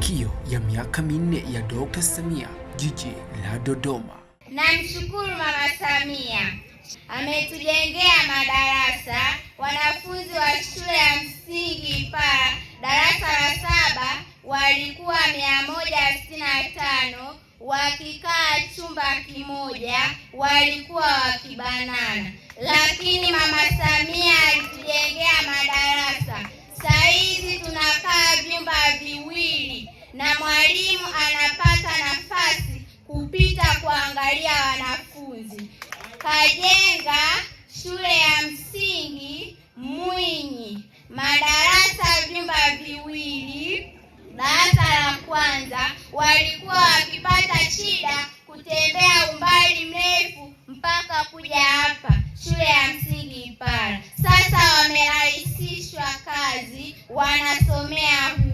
Mafanikio ya miaka minne ya Dr. Samia jiji la Dodoma. Namshukuru Mama Samia ametujengea madarasa. Wanafunzi wa shule ya msingi Ipala darasa la saba walikuwa mia moja na tano wakikaa chumba kimoja, walikuwa wakibanana, lakini mama mwalimu anapata nafasi kupita kuangalia wanafunzi. Kajenga shule ya msingi Mwinyi, madarasa vyumba viwili. Darasa la kwanza walikuwa wakipata shida kutembea umbali mrefu mpaka kuja hapa shule ya msingi Ipara. Sasa wamerahisishwa kazi, wanasomea